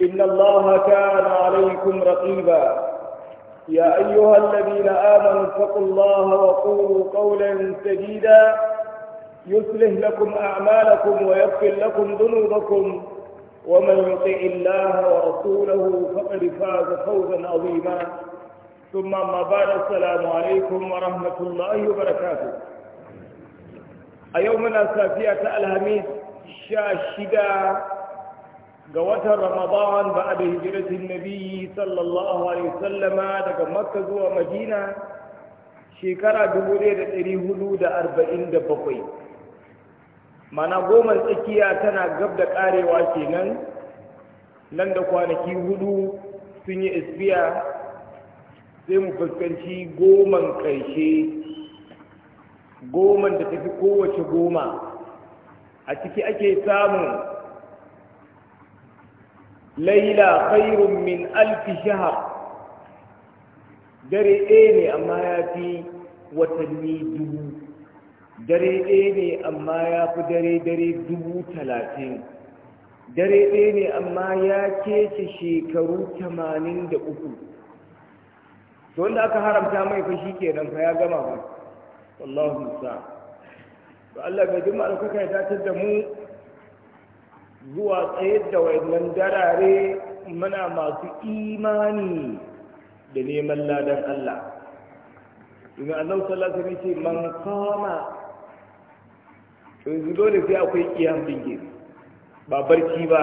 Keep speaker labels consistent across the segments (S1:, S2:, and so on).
S1: إن الله كان عليكم رقيبا يا أيها الذين آمنوا اتقوا الله وقولوا قولا سديدا
S2: يصلح لكم أعمالكم ويغفر لكم ذنوبكم ومن يطع الله ورسوله فقد فاز فوزا عظيما ثم ما بعد السلام عليكم ورحمة الله وبركاته أيومنا سافية الهميد شاشدا ga watan ramadan ba a da hijiratin nabi sallallahu alaihi sallama daga makka zuwa madina shekara 1447 mana goma tsakiya tana gab da karewa kenan nan da kwanaki hudu sun yi isbiya sai mu fuskanci goman karshe goman da tafi kowace goma a ciki ake samun
S3: laila khairun
S2: min alfi shahar dare ɗaya ne amma ya fi watanni dubu dare ɗaya ne amma ya fi dare dare dubu talatin dare ɗaya ne amma ya kece shekaru tamanin da uku to wanda aka haramta mai fashi kenan fa ya gama ba wallahu musa to Allah ga jima alkaka ya datar da mu zuwa tsayar da wannan darare muna masu imani da neman ladan Allah Ina Allah sallallahu alaihi ce man kama to yanzu dole sai akwai kiyam dinge ba barci ba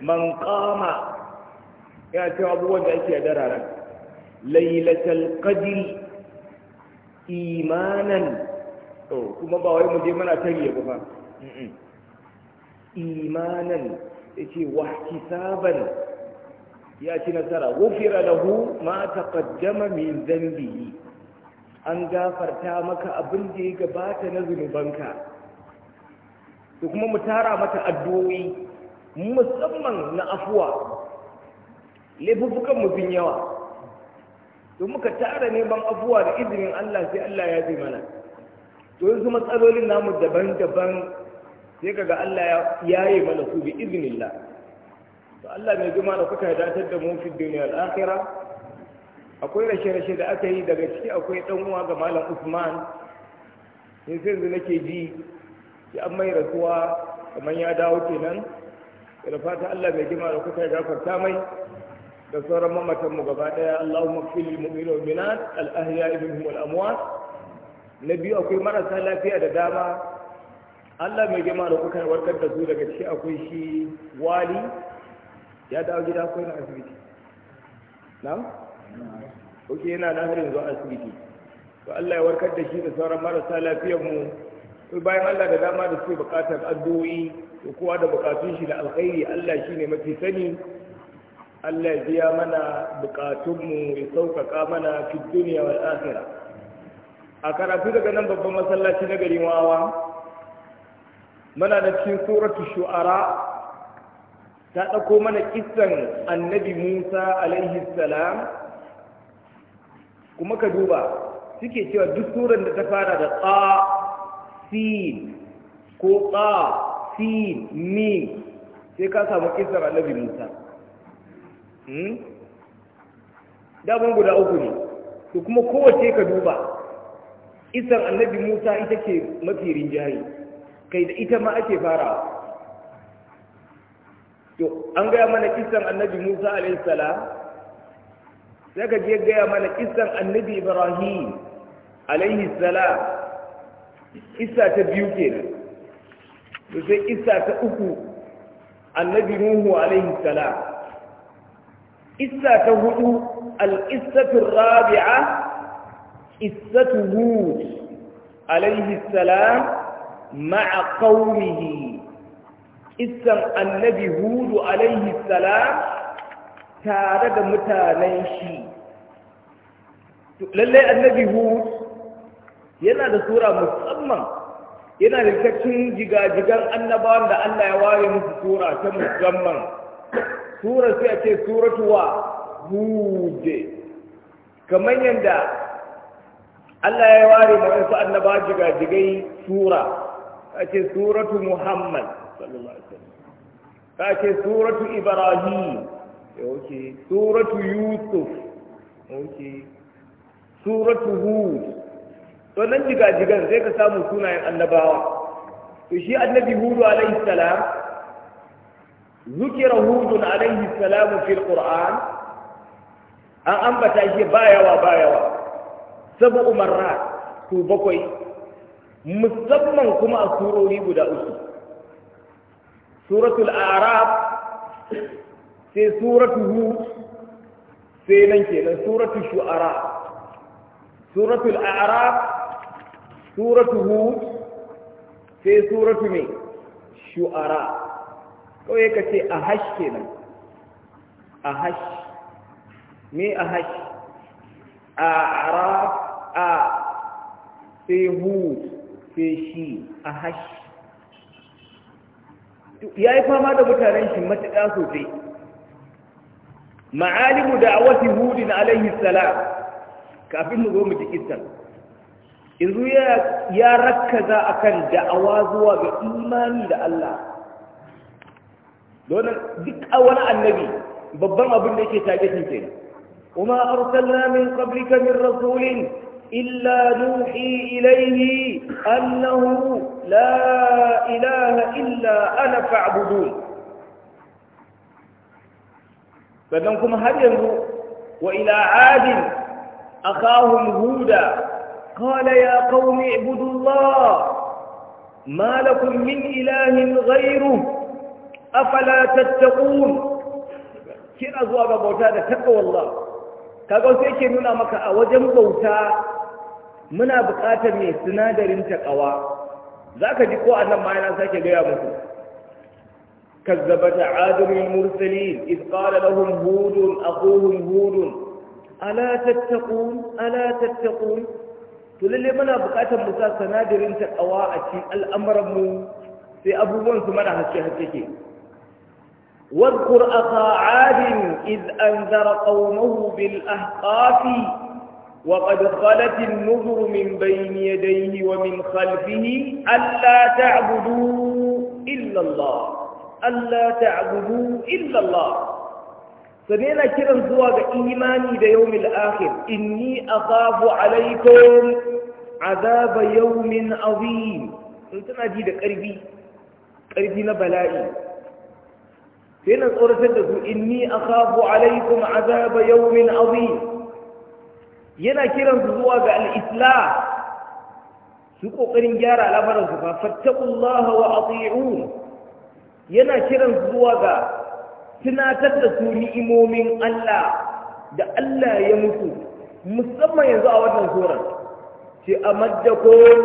S2: man kama yana cewa abubuwan da ake dararen lailatul qadri imanan to kuma ba wai mu je muna tarihi ba imanan yace wahtisaban ya ci nasara gufira lahu ma taqaddama min dhanbihi an gafarta maka abin da ya gabata na zunubanka To kuma mu tara mata addu'o'i musamman na afuwa mu bin yawa to muka tara neman afuwa da izinin Allah sai Allah ya zai mana to yanzu matsalolin namu daban-daban sai kaga Allah ya yaye mana su bi iznillah to Allah mai jima da kuka datar da mu fi duniya al akwai rashe-rashe da aka yi daga ciki akwai dan uwa ga malam Usman sai yanzu nake ji ya an mai rasuwa kamar ya dawo kenan da fata Allah mai jima da kuka gafarta mai da sauran mamatanmu gaba ɗaya Allahumma fil mu'minu wal mu'minat al ahya'i wal amwat na biyu akwai marasa lafiya da dama Allah mai girma da kuka warkar da su daga ciki akwai shi wali ya dawo gida akwai na asibiti na? ok yana na har yanzu asibiti to Allah ya warkar da shi da sauran marasa lafiyar mu Ko bayan Allah da dama da suke bukatar addu'o'i to kowa da bukatun shi da alkhairi Allah shi shine mafi sani Allah ya biya mana bukatun mu ya sauƙaƙa mana fi duniya wal akhirah a karatu daga nan babban masallaci na garin wawa mana da cikin suratul shu'ara ta dauko mana kissan annabi musa alaihi salam kuma ka duba suke cewa duk suran da ta fara da tsa sin ko tsa sin min sai ka samu kisan annabi musa hmm? daban guda uku ne to kuma kowace ka duba isar annabi musa ita ce mafi rinjaye kai da ita ma ake fara. to an gaya mana kisan annabi musa alaihissalam sai ka je gaya mana kisan annabi ibrahim alaihissalam isa ta biyu kenan to sai isa ta uku annabi nuhu alaihissalam isa ta hudu al-qissatu rabi'a qissatu hud alaihissalam ma'a qaumihi isan annabi hudu alaihi salam tare da mutanen shi lallai annabi yana da sura musamman yana da cikin jigajigan annabawan da Allah ya ware musu sura ta musamman sura sai a ce suratuwa hude kamar yadda Allah ya ware musu wasu annaba jigajigai sura ka ce suratu muhammad sallallahu alaihi wasallam ka ce suratu ibrahim ya wuce. suratu yusuf ya wuce. suratu hud to nan jigajigan zai ka samu sunayen annabawa to shi annabi hudu alaihi salam zukira hudun alaihi salamu fil qur'an an ambata shi bayawa bayawa sabu umarra su bakwai musamman kuma a surori guda uku suratul araf sai suratul hu sai nan kenan suratul shu'ara suratul araf suratul hu sai suratul mai shu'ara kawai ka ce a hash kenan a hash me a hash a araf a sai hud feshi a hashi ya yi fama da mutanen shi matuƙa sosai ma'alimu da a wasu hudin alaihi salam kafin mu zo mu jikinta izu ya rakkaza a kan da'awa zuwa ga imani da Allah donin duk a wani annabi babban abin da yake tagetin ke kuma arsalna min qablika min rasulin إلا نوحي إليه أنه لا إله إلا أنا فاعبدون فإنكم هل وإلى عاد أخاهم هودا قال يا قوم اعبدوا الله ما لكم من إله غيره أفلا تتقون كير أزواب بوتا تقوى الله كاقول سيكي نونا مكا أوجم بوتا muna buƙatar mai sinadarin taƙawa za ka ji ko a nan ma yana sake gaya musu kazzabata adamul mursalin iz qala lahum hudun aquhum hudun ala tattaqun ala tattaqun to lalle muna buƙatar mu sa sinadarin taƙawa a cikin al'amuran mu sai abubuwan su mana haske haske ke واذكر أخا عاد إذ أنذر قومه بالأحقاف وقد خلت النذر من بين يديه ومن خلفه ألا تعبدوا إلا الله ألا تعبدوا إلا الله فبين كرا زواج إيماني ليوم الآخر إني أخاف عليكم عذاب يوم عظيم أنت ما دي ده قربي قربي نبلائي فين أصورة تدسوا إني أخاف عليكم عذاب يوم عظيم yana kiran su zuwa ga al-islam su ƙoƙarin gyara al'amarin su fa fattaqullaha wa ati'un yana kiran su zuwa ga tunatar da su ni'imomin Allah da Allah ya mutu musamman yanzu a wannan surar ce amaddakum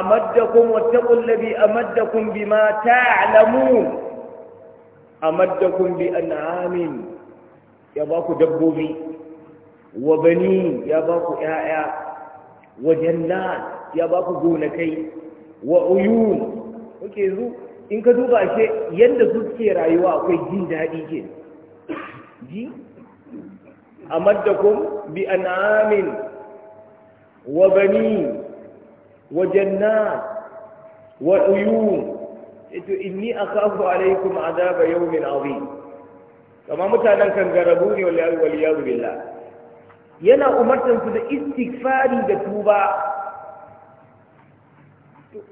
S2: amaddakum wattaqul ladhi amaddakum bima ta'lamun amaddakum bi an'amin ya ba ku dabbobi wa bani ya ba ku ƴaƴa wa jannat ya ba ku gonakai wa uyun kuke zu in ka duba ashe yadda su suke rayuwa akwai jin daɗi ke ji amaddakum bi an'amin wa bani wa jannat wa uyun ito inni akhafu alaikum adaba yawmin azim kama mutanen kan garabu ne wal waliyazu billah yana umartar su da istighfari da tuba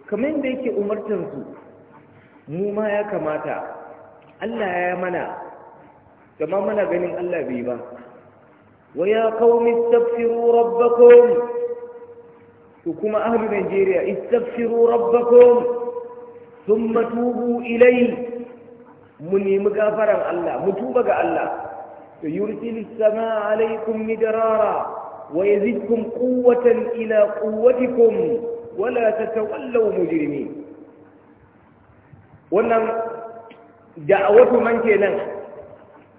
S2: kamar da yake umartar su mu ma ya kamata Allah ya mana kama mana ganin Allah bai ba wa ya qaumi istaghfiru rabbakum Ku kuma ahli Najeriya istaghfiru rabbakum thumma tubu ilayhi mu nemi gafaran Allah mu tuba ga Allah يرسل السماء عليكم مدرارا ويزدكم قوة إلى قوتكم ولا تتولوا مجرمين ونم دعوة من كان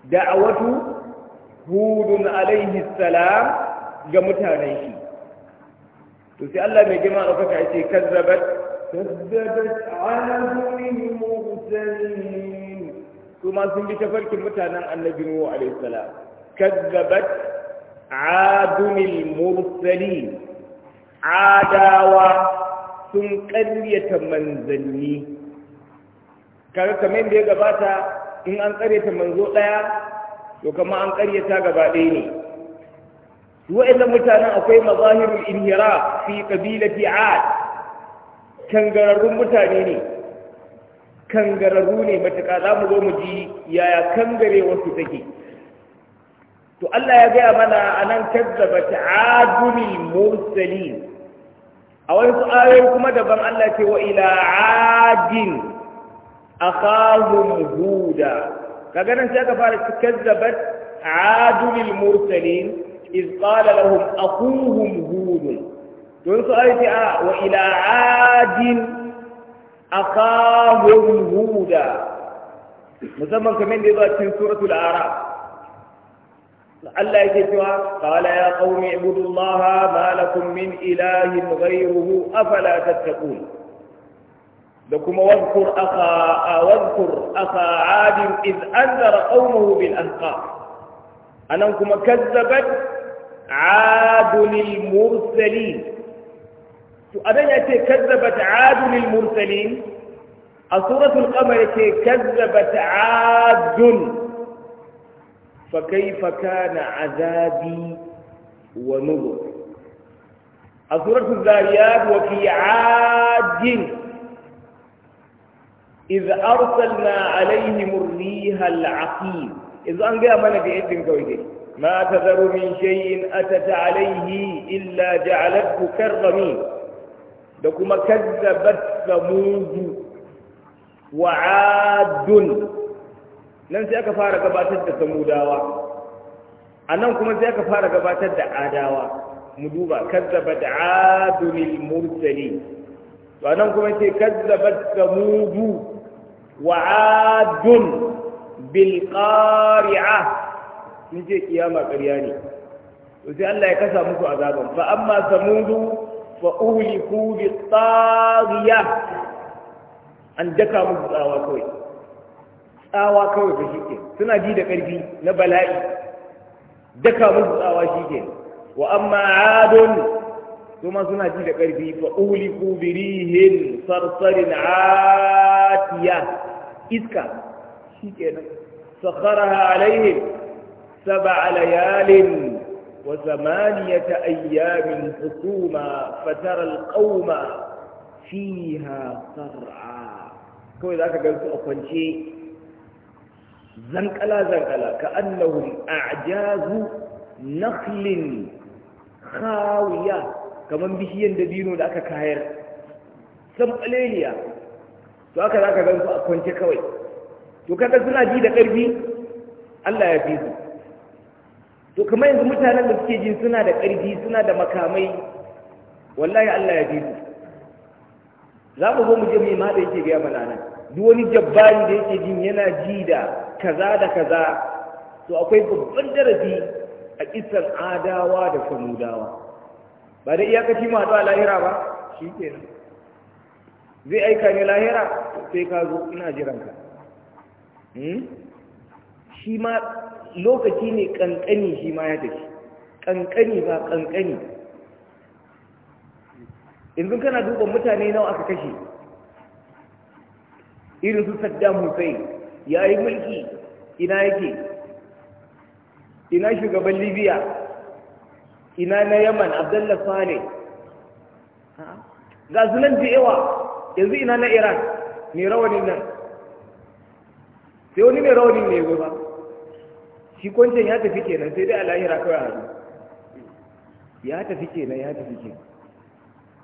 S2: دعوة هود عليه السلام جمتها نيشي تسأل الله من جماعة
S1: كذبت كذبت على من مرسلين
S2: su sun bi tafarkin mutanen annabi nuhu alaihi salam kazzabat adunil
S3: adawa
S2: sun ƙaryata manzanni kaga kamar da ya gabata in an ƙaryata manzo ɗaya to kama an ƙaryata gaba ɗaya ne wa'annan mutanen akwai mazahirul inhira fi qabilati ad kangararrun mutane ne kangararru ne matuƙa za mu zo mu ji yaya kangare wasu take to Allah ya gaya mana a nan kazzaba ta'adulil mursalin a wasu ayoyi kuma daban Allah ce wa ila adin akhahum huda Ka ganin sai aka fara kazzabat adulil mursalin iz qala lahum akhuhum hud to wasu ayoyi wa ila adin أخاهم هودا مسمى كمان دي ذات سورة الأعراف الله يجيبها قال يا قوم اعبدوا الله ما لكم من إله غيره أفلا تتقون لكم واذكر أخا واذكر أخا عاد إذ أنذر قومه بالأنقاض أنكم كذبت عاد المرسلين فأبين يتي كذبت عاد للمرسلين سورة القمر يتي كذبت عاد فكيف كان عذابي ونظر سورة الزاريات وفي عاد إذ أرسلنا عليهم الريح العقيم إذ ما أن جاء من ما تذر من شيء أتت عليه إلا جعلته كالرميم da kuma kazzabat samudu wa adun nan sai aka fara gabatar da samudawa a nan kuma sai aka fara gabatar da adawa mu duba kazzabat adunil mursali to a nan kuma sai kazzabat samudu wa adun bil qari'a sun kiyama ƙarya ne to sai Allah ya kasa muku azaban fa amma samudu فأهلكوا بالطاغية أن دكاموا بالآوى كوي آوى كوي بشيكي سنة جيدة قلبي نبلائي دكاموا بالآوى شيكي وأما عاد ثم سنة جيدة قلبي فأهلكوا بريه صرصر عاتية إذكا شيكي سخرها عليهم سبع ليال وثمانية أيام حكوما فترى القوم فيها صرعا كوي ذاك قلت أخوانشي زنقلا زنقلا كأنهم أعجاز نخل خاوية كمان بشيء دبينو ذاك كاير سم أليليا to haka za ka gan su a kwance kawai to kaga suna ji da ƙarfi Allah ya fi su to kamar yanzu mutanen da suke jin suna da ƙarfi suna da makamai wallahi Allah ya fi su za mu zo mu je mu yi yake gaya mana nan duk wani jabbari da yake jin yana ji da kaza da kaza to akwai babban darasi a kisan adawa da samudawa ba da iyakaci ma a lahira ba shi kenan zai aika ne lahira sai ka zo ina jiranka hmm? shi ma lokaci ne kankani shi ma ya tafi kankani ba kankani yanzu kana duba mutane nawa aka kashe irin su saddam hussein ya yi mulki ina yake ina shugaban libya ina na yaman abdullah Fale? ga su nan yawa yanzu ina na iran mai rawanin nan sai wani mai rawanin ne ba shi kwancin ya tafi kenan sai dai a lahira kawai a hannu ya tafi kenan ya tafi kenan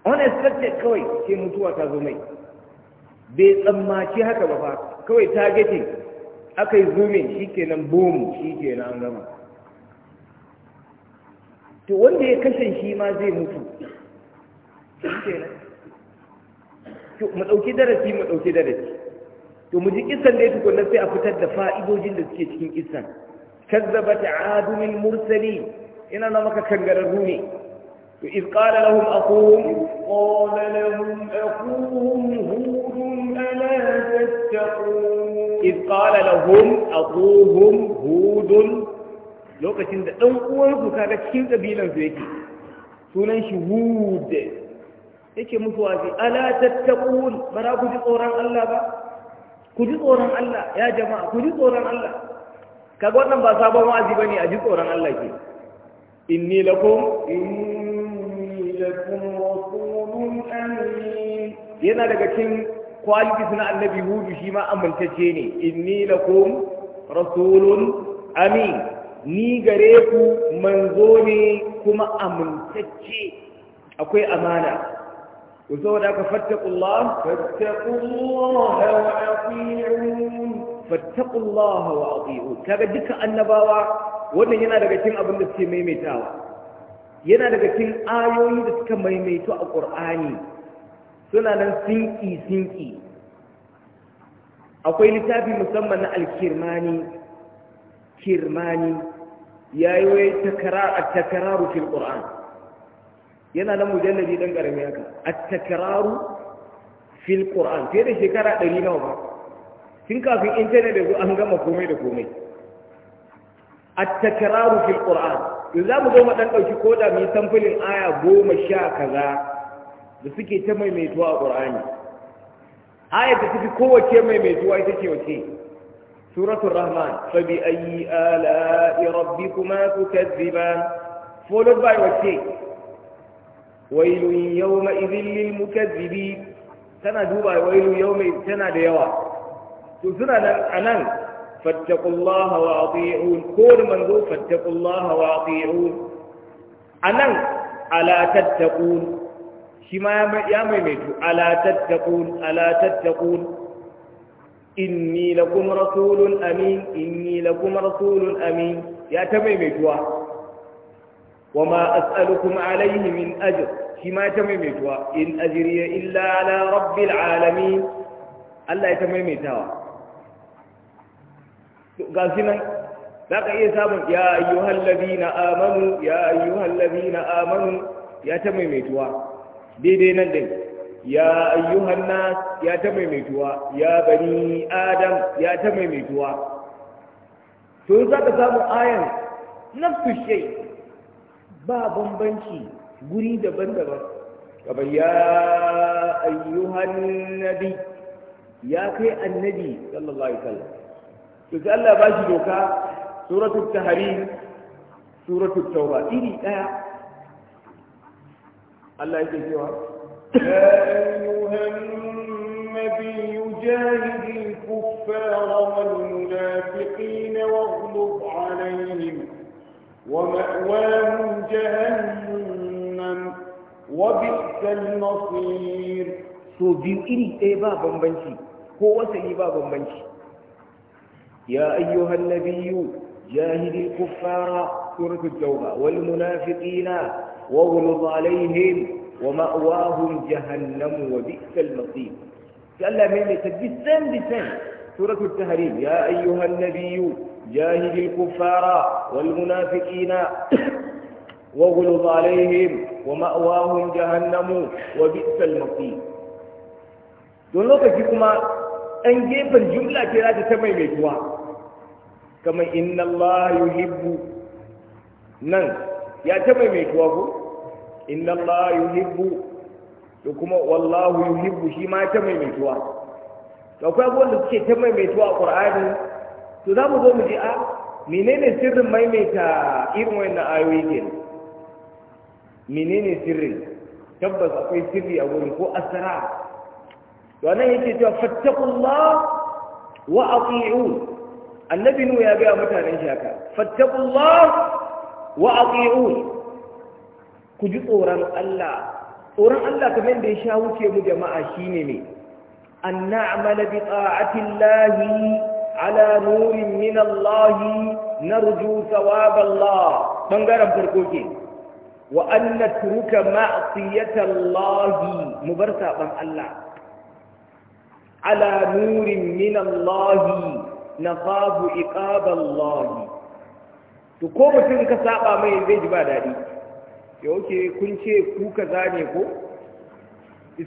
S2: On expected kawai ke mutuwa ta zo mai bai tsammaci haka ba fa kawai targeting aka yi zoomin shi kenan boom shi kenan an gama to wanda ya kashe shi ma zai mutu shi kenan to mu ɗauki darasi mu ɗauki darasi to mu ji kisan da ya tukunna sai a fitar da fa'idojin da suke cikin kisan كذبت عاد المرسلين إن أنا مكا كنغرروني إذ قال لهم أخوهم
S1: قال لهم أخوهم هود ألا تتقون إذ
S2: قال لهم أخوهم هود lokacin da ɗan uwansu kaga cikin ƙabilansu yake sunan shi hud yake musu wasi ala tattaqun bara ku ji tsoron Allah ba ku ji tsoron Allah ya jama'a ku ji tsoron Allah kaga wannan ba sabon wa'azi bane a ji tsoron Allah ke inni lakum
S1: inni lakum rasulun amin yana daga
S2: cikin qualities na annabi hudu shi ma amintacce ne inni lakum rasulun amin ni gare ku manzo ne kuma amintacce akwai amana ku saboda ka fattakullah fattakullah wa
S1: ati'un
S2: fattaqullaha wa ati'u kaga duka annabawa wannan yana daga cikin abin da suke maimaitawa yana daga cikin ayoyi da suka maimaito a qur'ani suna nan sinki sinki akwai littafi musamman na alkirmani kirmani yayi wai takrar at-takraru fil qur'an yana nan mujalladi dan karami haka at-takraru fil qur'an fiye da shekara 100 nawa ba tun kafin intanet da zo an gama komai da komai A takraru fil qur'an yanzu za mu zo mu dan dauki koda mu yi samfulin aya goma sha kaza da suke ta maimaituwa a qur'ani aya ta tafi kowace maimaituwa ita ce wace suratul rahman fa bi ayyi ala'i rabbikuma tukadziban followed by wace wailun yawma idhil lil mukazzibin tana duba wailun yawma tana da yawa to suna nan a nan fattakullaha wa ati'un ko da manzo fattakullaha wa ati'un a nan ala tattaqun shi ma ya maimaitu ala tattaqun ala tattaqun inni lakum rasulun amin inni lakum rasulun amin ya ta maimaituwa wa ma as'alukum alayhi min ajr shi ma ta maimaituwa in ajriya illa ala rabbil alamin Allah ya ta maimaitawa ga su nan za ka iya samun ya hallabi na amanu ya hallabi na amanu ya ta maimaituwa daidai nan dai, ya yi hanna ya ta maimaituwa ya bani adam ya ta maimaituwa to za ka samu ayan na fushe ba bambanci guri daban-daban kamar ya ayyuhan nabi ya kai annabi sallallahu alaihi wasallam kaga Allah ba shi سورة suratu tahrim suratu tawba iri daya Allah yake cewa
S1: النبي جاهد الكفار والمنافقين واغلظ عليهم ومأواهم جهنم وبئس المصير
S2: سو دي إلي ايه بابا مبنشي هو وسلي بابا مبنشي يا أيها النبي جاهد الكفار سورة التوبة والمنافقين واغلظ عليهم ومأواهم جهنم وبئس المصير قال ميمتك بسن بسن سورة التهريم يا أيها النبي جاهد الكفار والمنافقين واغلظ عليهم ومأواهم جهنم وبئس المصير دون لوكا kuma أنجيب الجملة كي لا تتمي ta kama inna Allah yuhibbu nan ya ta mai mai tuwa ko inna Allah yuhibbu da kuma wallahu yuhibbu shi ma ta mai mai tuwa to akwai abubuwan da suke ta mai mai tuwa a Qur'ani to za mu zo mu ji a menene sirrin maimaita irin na ayoyi kenan menene sirrin tabbas akwai sirri a wurin ko asara to nan yake cewa fattaqullah wa aqi'u annabi nu ya gaya mutanen shi haka fattaqullah wa ati'un ku ji tsoron Allah tsoron Allah kamar da ya sha wuce mu jama'a shine ne an na'mala bi ta'atillahi ala nurin min Allah narju thawab Allah bangaren farko ke wa an natruka lahi. mu bar saban Allah ala nurin min Allah Na nakhafu iqaballahi to ko mutum ka saba mai zai ji ba daɗi ya wuce kun ce ku ka zane ko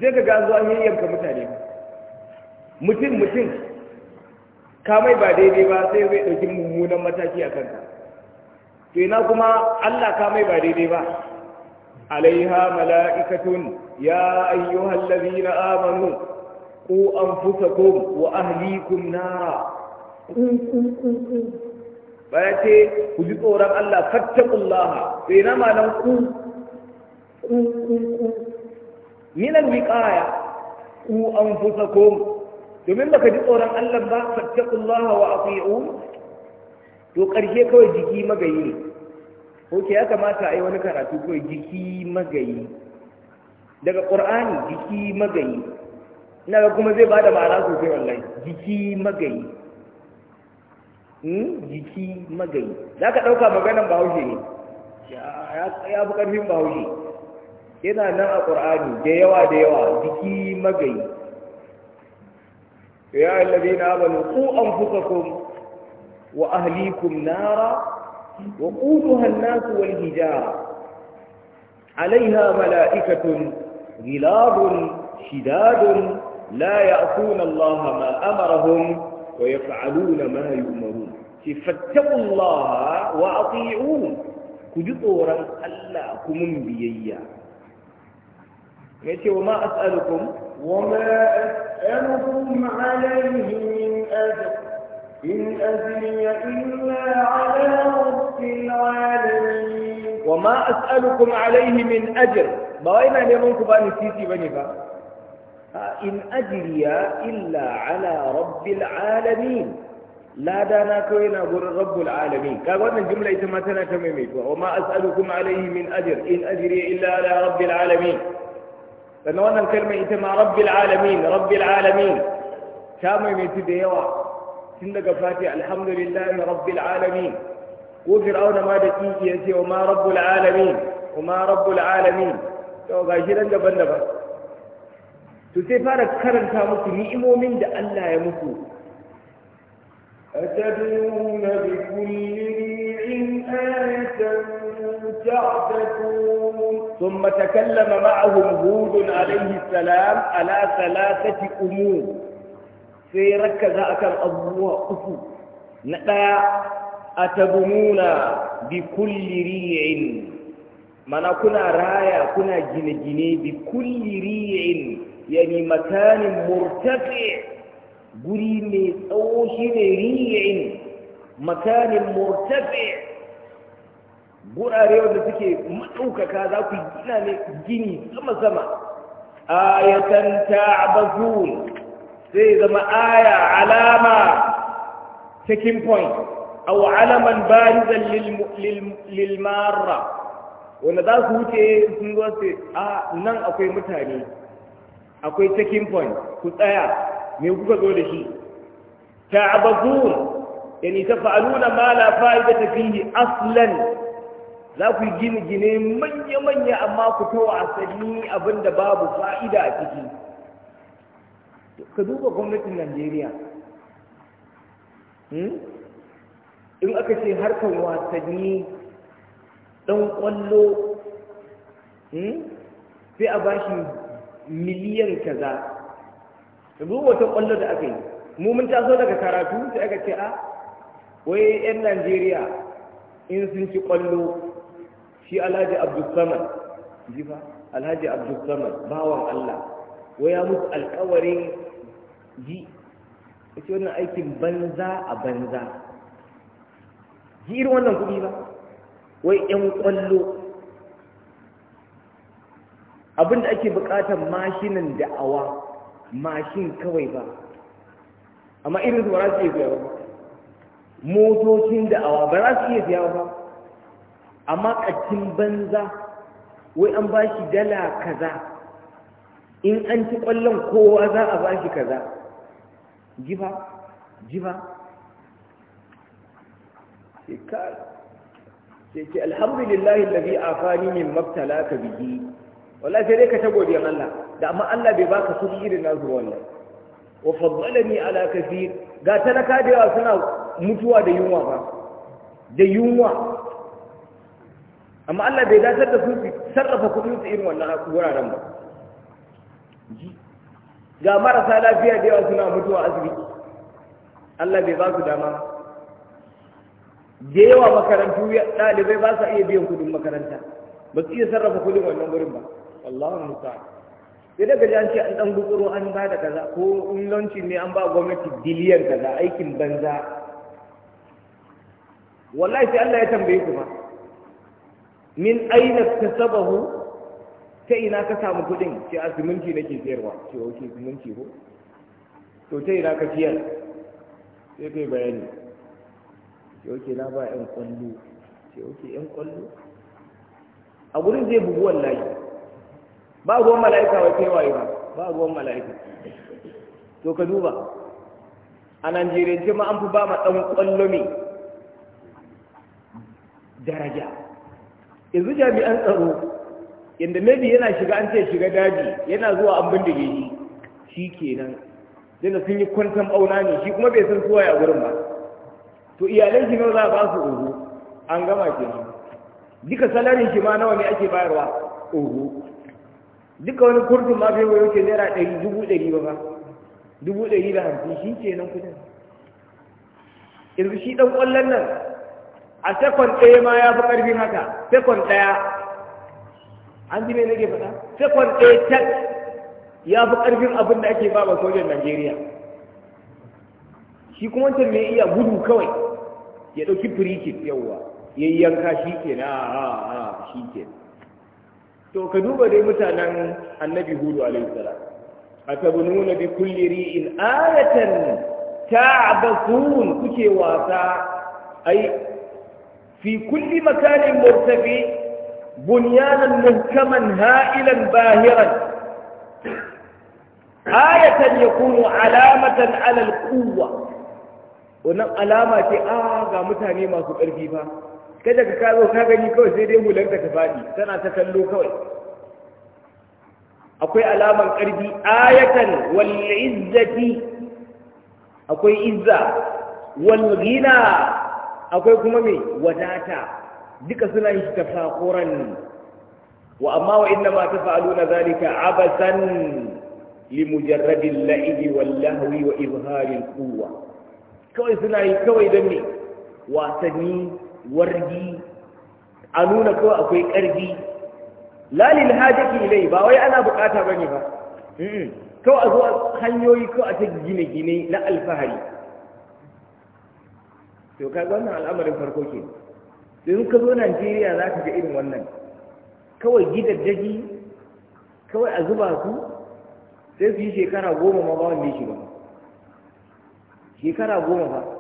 S2: sai ka ga zuwa yayyanka mutane mutum mutum ka mai ba daidai ba sai zai ɗauki mummunan mataki a kanka to ina kuma Allah ka mai ba daidai ba alaiha mala'ikatun ya na amanu ku anfusakum wa ahlikum nara ku bayan ce ku ji tsoron Allah fattakullaha sai na malan ku ku ku ku min alwiqaya ku anfusakum domin baka ji tsoron Allah ba fattakullaha wa afi'u to karshe kawai jiki magayi ne Oke ya kamata a yi wani karatu kawai jiki magayi daga ƙur'ani jiki magayi ina kuma zai ba da ma'ana sosai wallahi jiki magayi
S1: Hmm? jiki
S2: magayi za ka ɗauka maganan bahaushe ne ya fi ƙarfin bahaushe yana nan a ƙur'ani da yawa da yawa jiki magayi ya allazi na amanu ku an fuka wa ahlikum nara wa ƙuduha nasu wal hijara alaiha mala'ikatun gilabun shidadun la ya'tuna allaha ma amarahum ويفعلون ما يؤمرون فاتقوا الله وأطيعون كجطورا ألا كم بيا وما أسألكم وما أسألكم
S1: عليه من أجر إن أجري إلا على رب العالمين وما أسألكم عليه
S2: من أجر ما أين أن يمنك بأن بني فا إن أجري إلا على رب العالمين لا دانا كوينا قول رب العالمين كابرنا الجملة إتما تنا كميميك وما أسألكم عليه من أجر إن أجري إلا على رب العالمين فنوانا الكلمة إتما رب العالمين رب العالمين كاميمي تديوا سندق فاتح الحمد لله رب العالمين وفرعون ما دكيك يسي وما رب العالمين وما رب العالمين تو غاشي دنجا to sai fara karanta muku ni'imomin da Allah ya muku
S1: أتدرون بكل ريع آية تعتكون ثم
S2: تكلم معهم هود عليه السلام على ثلاثة أمور في ركز أكل أبوه أفو نتا أتدرون بكل ريع mana kuna raya kuna gine-gine bi kulli yani makanin murtafi guri mai tsawo shi ne riyin makanin murtafi gurare wanda suke maɗaukaka za ku gina ne gini sama-sama ayatan ta'abazun sai zama aya alama taking point aw alaman barizan lil marra wanda za su wuce sun zo su a nan akwai mutane akwai taking point ku tsaya me kuka zo da shi ta'abazun yani fa’aluna ma la da fihi aslan za ku yi gine gine manya manya amma ku towa asali abinda babu fa'ida a ciki ka duba gwamnatin Najeriya hmm? in aka ce harkar wasanni ɗan ƙwallo hmm? sai a bashi miliyan kaza duk wata kwallo da aka yi mu mun taso daga karatu sai aka ce a wai yan Najeriya in sun ci kwallo shi Alhaji Abdul jifa? Alhaji Abdul bawan Allah wai ya musu alƙawarin ji Ya ce wannan aikin banza a banza ji irin wannan kuɗi ba wai yan kwallo abin da ake buƙatar mashinan da'awa mashin kawai ba amma irin su ba za su iya biya ba motocin da'awa ba za su iya biya ba amma ƙaccin banza wai an ba shi dala kaza in an ci ƙwallon kowa za a ba shi kaza Jifa? Jifa? sai ka sai ce alhamdulillahi lafi fani min mabtala ka
S3: biyi
S2: wallahi sai dai ka ta godiyan Allah da amma Allah bai baka su irin nasu wannan wa faddalani ala kathir ga talaka da yawa suna mutuwa da yunwa ba da yunwa amma Allah bai dace da su sarrafa kudin su irin wannan wuraren ba ga marasa lafiya da yawa suna mutuwa asibiti Allah bai ba su dama da yawa makarantu ɗalibai ba su iya biyan kudin makaranta ba su iya sarrafa kudin wannan wurin ba Allahun musta sai daga ji an ce an dan gutsuro an ba da kaza ko in launching ne an ba gwamnati biliyan kaza aikin banza wallahi sai Allah ya tambaye ku min aina tasabahu ta ina ka samu kuɗin ce a siminti nake sayarwa ce ke siminti ko to ta ina ka siyar sai kai bayani ce ok na ba yan kwallo ce ok yan kwallo a gurin zai bugu wallahi ba ruwan mala'ika wa kai ba ba ruwan mala'ika to ka duba a Najeriya ma an fi ba ma ɗan ƙwallo ne daraja yanzu jami'an tsaro inda maybe yana shiga an ce shiga daji yana zuwa an bindige shi shi kenan da sun yi kwantan auna ne shi kuma bai san suwaye a gurin ba to iyalai shi nawa za a ba su oho an gama kenan duka salarin shi ma nawa ne ake bayarwa oho duka wani kurdun ma bai wai ke naira ɗari dubu ɗari ba ba dubu ɗari da hamsin shi ke nan kudin yanzu shi ɗan ƙwallon nan a sekon ɗaya ma ya fi ƙarfin haka sekon ɗaya an ji me nake faɗa sekon ɗaya tak ya fi ƙarfin abin da ake ba ba sojan najeriya shi kuma wancan mai iya gudu kawai ya ɗauki firikin yawwa ya yanka shi ke na shi ke to ka duba dai mutanen annabi hudu alaihi salam atabununa bi kulli ri'in ayatan ta'basun kuke wasa ai fi kulli makanin murtafi bunyanan mahkaman ha'ilan bahiran ayatan yakunu alamatan alal alquwwa wannan alama ce a ah, ga mutane masu ƙarfi ba. kada ka kazo ka gani kawai sai dai da ta faɗi tana ta kallo kawai akwai alamar ƙarfi ayatan wal izzati akwai izza wal ghina akwai kuma me wadata duka suna yi tafakuran wa amma wa inna ma tafa'aluna zalika abasan li mujarradil la'ibi wal lahwi wa izharil quwwa kawai suna yi kawai dan me wasanni wargi a nuna ko akwai ƙarfi lalil hajjaki ilai ba wai ana bukata bane ba ko a zo hanyoyi ko a ta gine-gine na alfahari to kaga wannan al'amarin farko ke in ka zo najeriya za ka ga irin wannan kawai gidaddaji kawai a zuba su sai su yi shekara goma ma ba wanda shi ba shekara goma ba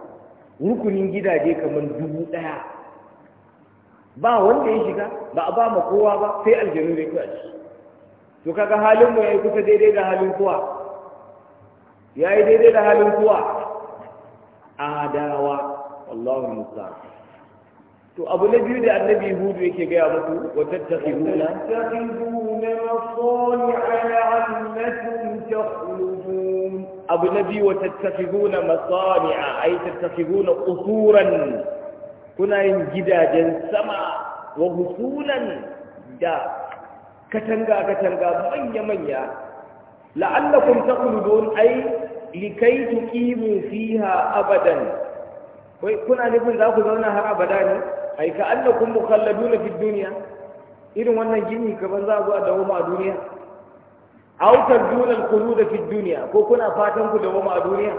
S2: rukunin gidaje kamar dubu ɗaya ba wanda ya shiga ba a ba ma kowa ba sai aljanu ne kuwa shi to kaga halin mu yi kusa daidai da halin kowa yi daidai da halin kowa adawa wallahu sa. to abu na biyu da annabi hudu yake gaya muku na tattakhiduna
S1: tattakhiduna masali'a la'annakum takhludun abu na biyu
S2: wa tattakhizuna masani'a ay tattakhizuna qusuran kuna yin gidajen sama wa husulan da katanga katanga manya manya la'allakum taqludun ay likai mu fiha abadan kai kuna nufin za ku zauna har abada ne ai ka annakum mukhalladuna fid duniya. irin wannan gini kaman za ku a dawo ma a duniya aw tarjuna al da fi duniya ko kuna fatan ku da wama a duniya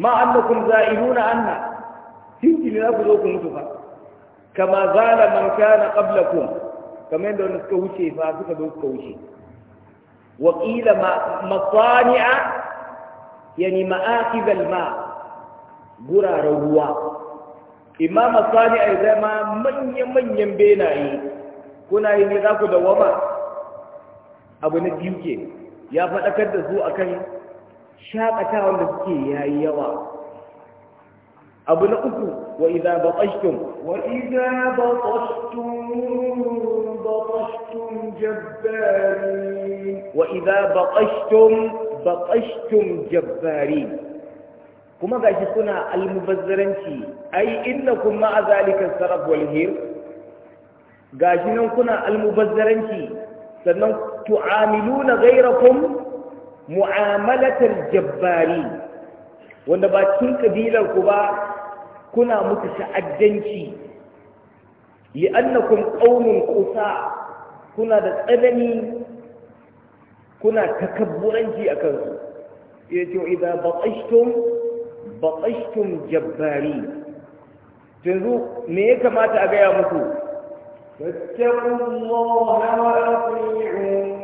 S2: ma annakum za'iluna anna tinki ne za ku zo ku mutu fa kama zala man kana qablakum kama yadda wani suka wuce fa suka zo suka wuce wa qila masani'a yani ma'aqiz ma guraren ruwa imma masani'a zama manyan manyan benaye kuna yi ne za ku goma abu na biyu ke ya faɗakar da su akan shaƙatawan da suke yayi yawa abu na uku wa idza batashtum wa
S1: idza batashtum batashtum jabbari
S2: wa idza batashtum batashtum jabbari kuma ga shi kuna almubazzaranci ai innakum ma'a zalika sarab walhir ga shi nan kuna almubazzaranci sannan tu'amiluna ghayrakum mu'amalatal jabbari wanda ba cikin kabilar ku ba kuna muku ta'addanci li'annakum qaumun qusa kuna da tsanani kuna takabburanci a kansu ya ce idza batashtum batashtum jabbari yanzu me ya kamata a gaya muku فاتقوا الله وأطيعون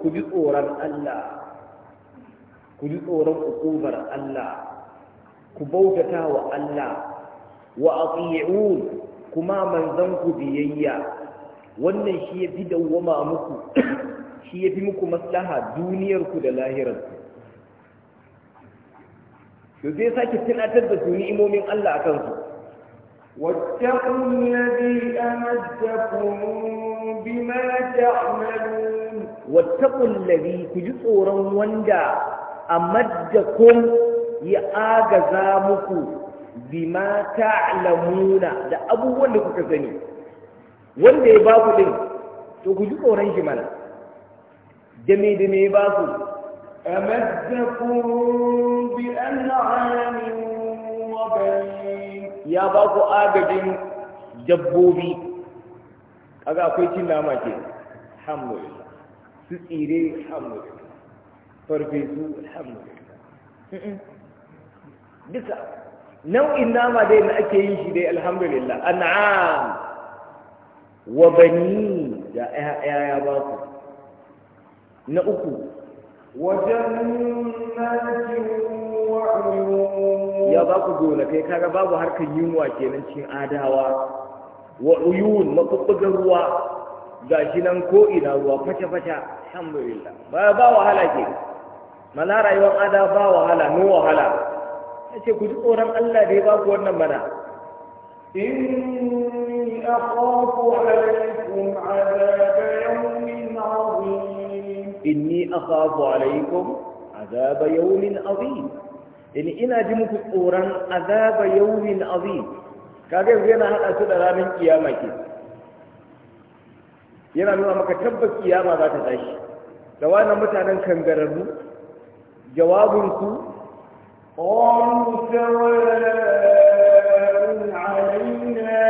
S2: ku ji tsoron Allah ku ji tsoron ukubar Allah ku bautata wa Allah wa ati'un kuma manzan ku biyayya wannan shi ya fi dawwama muku shi ya fi muku maslaha duniyarku da lahirar ku to sai sake tunatar da su ni'imomin Allah akan su
S1: واتقوا الذي أمدكم بما تعملون
S2: واتقوا الذي كجسورا وندا أمدكم يآغزامكم بما تعلمون ده أبو ولد كتسني ولد يباكو لين تو كجسورا شمالا دمي دمي يباكو أمدكم
S1: بأنعام وبنين ya ba ku agajin
S2: dabbobi kaga akwai cin nama ke alhamdulillah su tsire alhamdulillah farfesu alhamdulillah duka nau'in nama dai na ake yin shi dai alhamdulillah an'am wa bani da ya ba ku na uku
S1: wa jannatin ya ba ku
S2: kai kaga babu harkar yunwa kenan cin adawa wa uyun mafubbugan ruwa ga shi nan ko ina ruwa fata-fata alhamdulillah ba ba wahala ke mana rayuwar ada ba wahala no wahala yace ku ji tsoron Allah da ya ba ku wannan mana
S1: inni akhafu alaykum adaba yawmin azim
S2: inni akhafu alaykum adaba yawmin azim in ina ji muku tsoron azaba yawmin azim kaga yanzu yana hada su da ranar kiyama ke yana nuna maka tabbas kiyama za ta tashi da wannan mutanen kangararru jawabinku
S1: قالوا سواء علينا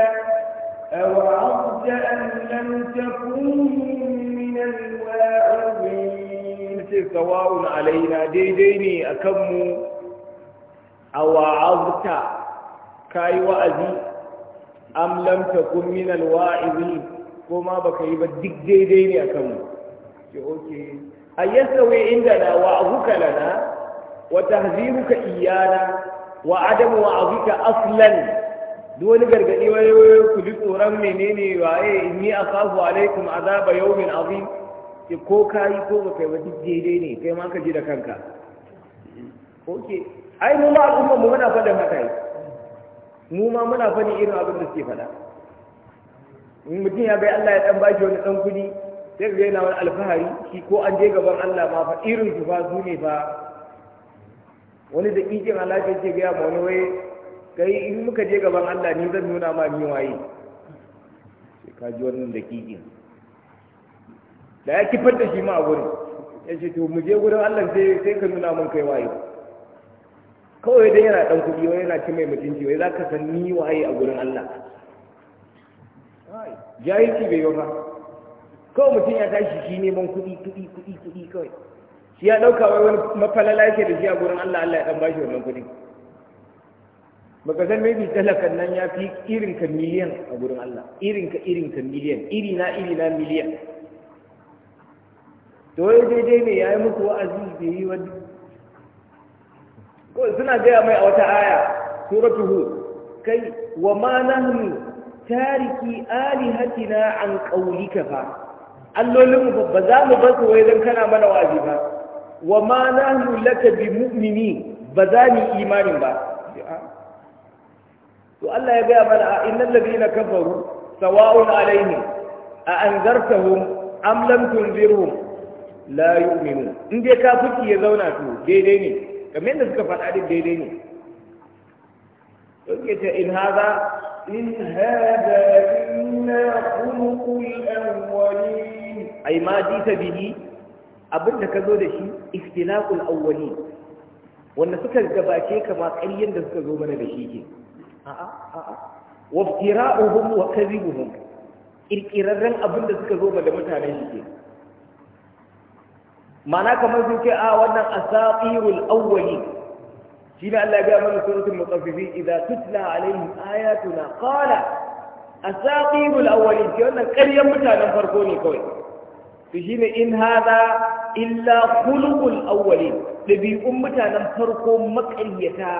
S1: أوعظت أن لم تكن من الواعظين سواء
S2: علينا ديديني أكمل a wa'azuta ka yi wa'azi am lam takun min alwa'izi ko ma baka yi ba duk daidai ne akan mu ce oke ayyasawi inda na wa'azuka lana wa tahziruka iyana wa adamu wa'azika aslan duk wani gargadi wani ku ji tsoron menene waye Ni a kafu alaikum azaba yawmin azim ko kayi ko baka yi ba duk daidai ne kai ma ka ji da kanka oke ai mu ma al'umma mu muna faɗin haka yi mu ma muna faɗin irin abin da suke faɗa in mutum ya bai Allah ya dan bashi wani dan kuɗi sai ga yana wani alfahari shi ko an je gaban Allah ma fa irin su fa su ne fa wani da kijin alaƙa ce ga ma wani wai kai in muka je gaban Allah ni zan nuna ma ni waye sai ka ji wannan da kijin da ya kifar da shi ma a gurin ya ce to mu je gurin Allah sai sai ka nuna mun kai waye kawai dai yana ɗan kuɗi wai yana ci mai mutunci wai za ka san ni waye a gurin Allah jahilci bai yi ba kawai mutum ya tashi shi neman kuɗi kuɗi kuɗi kuɗi kawai shi ya ɗauka wai wani mafalala yake da shi a gurin Allah Allah ya ɗan bashi wannan kuɗi baka san maybe talakan nan ya fi irin ka miliyan a gurin Allah irin ka irin ka miliyan iri na iri na miliyan to wai daidai ne ya yi muku wa'azi da yi wani kawai suna gaya mai a wata aya suratu hud kai wa ma nahnu tariki alihatina an qaulika fa allolin mu ba za mu bar su wai dan kana mana wazi ba wa ma nahnu laka bi mu'mini ba za mu imanin ba to Allah ya gaya mana innal ladina kafaru sawa'un alaihim a anzartahum am lam tunzirhum la yu'minun in dai kafirci ya zauna to daidai ne kamar yadda suka faɗa duk daidai ne suke ce in haza in haza
S1: illa al awwalin ai ma ta
S2: bihi abinda ka zo da shi ikhtilaqul awwalin wanda suka gabace ka ma ƙaryen da suka zo mana da shi ke
S3: a'a a'a
S2: waftira'uhum wa kadhibuhum kirkirarren abinda suka zo mana da mutanen shi ke ma'ana kamar sun ce a ah, wannan asatirul awwali shi ne Allah ya ga mana suratul mutaffifin idza tutla alaihim ayatuna qala asatirul awwali ke wannan ƙaryan mutanen farko ne kawai to shine in hada illa khuluqul awwali dabi'un mutanen farko maƙaryata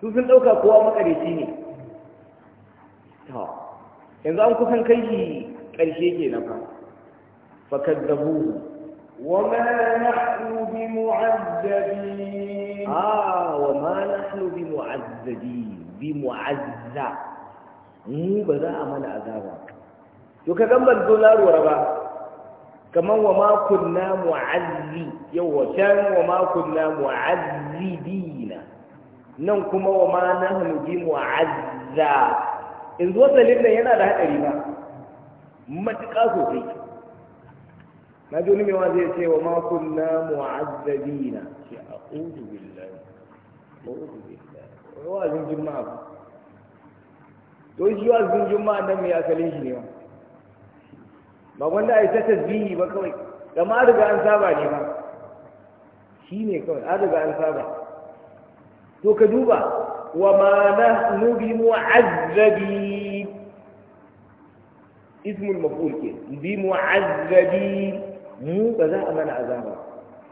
S2: su sun dauka kowa maƙaryaci ne to yanzu an kusan kai ƙarshe kenan fa fakaddabuhu
S1: وما نحن بمعذبين
S2: اه وما نحن بمعذبين بمعزى مو بذا امل عذاب تو كغان بنزو نارو ربا كمان وما كنا معذبين يو كان وما كنا معذبين nan كما وما نحن nahnu ان mu'azza in zo salin nan yana da hadari na ji wani mewa zai ce wa makon ma kunna mu'azzabina ce a'udhu billahi a'udhu billahi wa'azin juma'a ba to shi wa'azin juma'a nan mai asalin shi ne ba ba wanda ai ta tasbihi ba kawai da ma riga an saba ne ba. shi ne kawai an riga an saba to ka duba wa ma nahnu bi mu'azzabi ismul maf'ul ke bi mu'azzabi mu ba za a mana azaba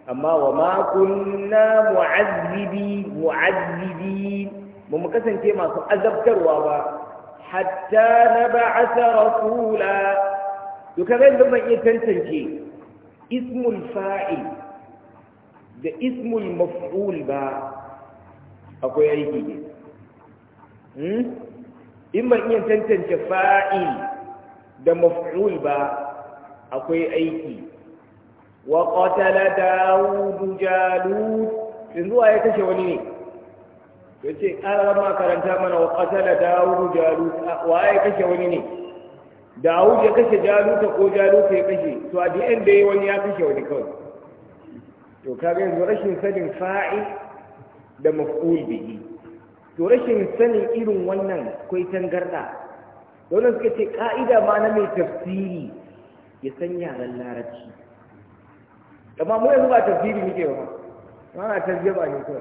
S2: amma wa ma kunna mu'azzibi mu'azzibi ba mu kasance masu azabtarwa ba hatta na ba'asa rasula to kaga yanzu ban iya tantance ismul fa'il da ismul maf'ul ba akwai aiki ne hmm? in ban iya tantance fa'il da maf'ul ba akwai aiki wa qatala daud jalut yanzu ya kashe wani ne yace ƙara ma karanta mana wa qatala daud jalut wa ya kashe wani ne daud ya kashe jalut ko jalut ya kashe to a the end dai wani ya kashe wani kawai to kaga yanzu rashin sanin fa'i da maf'ul bihi to rashin sanin irin wannan kai tangarda don suka ce ka'ida ma na mai tafsiri ya sanya yaran larabci amma mu yanzu ba tafsiri muke ba ma ana ba ne kawai